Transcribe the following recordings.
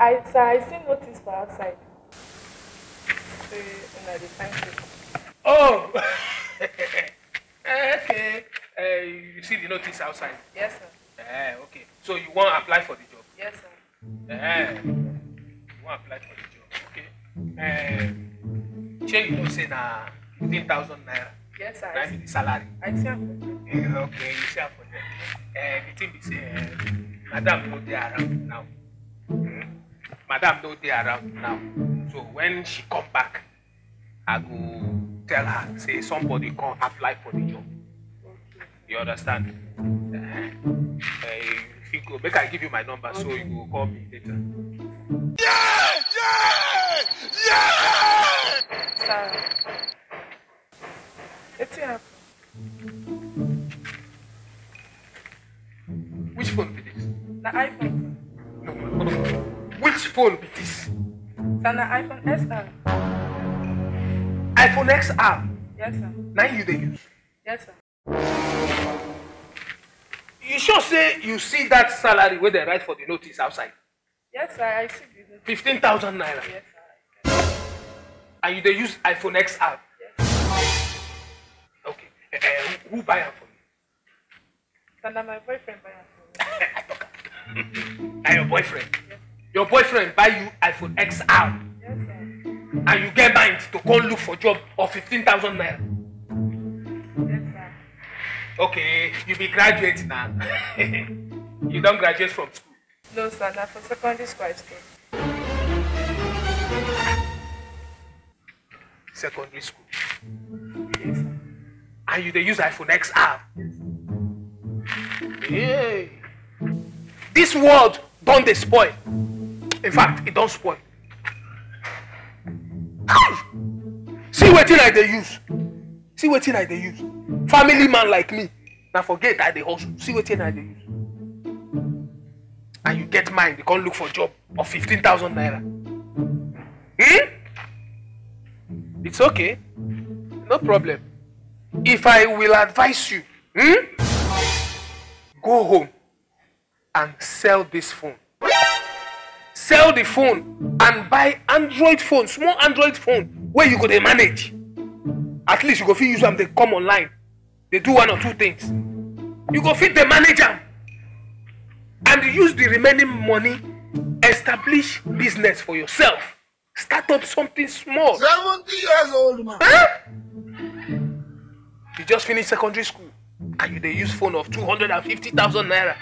i i see notice for outside say una dey find people. oh okay uh, you see the notice outside. yes sir. Uh, okay so you wan apply for the job. yes sir. Uh, you wan apply for the job okay. Uh, shey you know say na fifteen thousand naira. yes sir. na the salary. i see am okay you see am for Uh, the thing is. uh, madam no there around now. madam don't dey around now so when she come back i go tell her say somebody come apply for the job you understand uh-huh. uh, if you go make i give you my number so you go call me later. Yeah! Yeah! Yeah! Sir, it's happen? Which phone be this? The iPhone. Which phone be this? It's an iPhone XR. iPhone XR? Yes, sir. Now you they use? Yes, sir. You sure say you see that salary where they write for the notice outside? Yes, sir, I see the notice. 15,000 naira? Yes, sir. And you they use iPhone XR? Yes, Okay. Uh, who buy it for you? Sana, my boyfriend buy it for me. I talk. Now your boyfriend? your boyfriend buy you iphone xr yes, sir. and you get mind to go look for job of fifteen thousand naira Yes, okay you be graduate now. you don graduate from school. no sir na for secondary school i stay. secondary school. Yes, and you dey use iphone xr. Yes, yeah. this world don dey spoil in fact it don spoil see what thing i they use see what thing i they use family man like me Now forget i dey hustle see what thing i they use and you get mine. you can't look for job of fifteen thousand naira hmm? it's okay no problem if i will advise you hmm? go home and sell this phone sell the phone and buy android phone small android phone wey you go dey manage at least you go fit use am dey come online dey do one or two things you go fit dey manage am and use the remaining money establish business for yourself start up something small. seventy years old man. Huh? you just finish secondary school and you dey use phone of two hundred and fifty thousand naira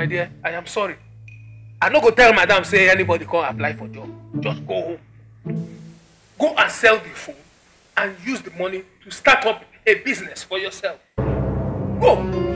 my dear i am sorry i no go tell madam say anybody come apply for job just go home go and sell the phone and use the money to start up a business for yourself go.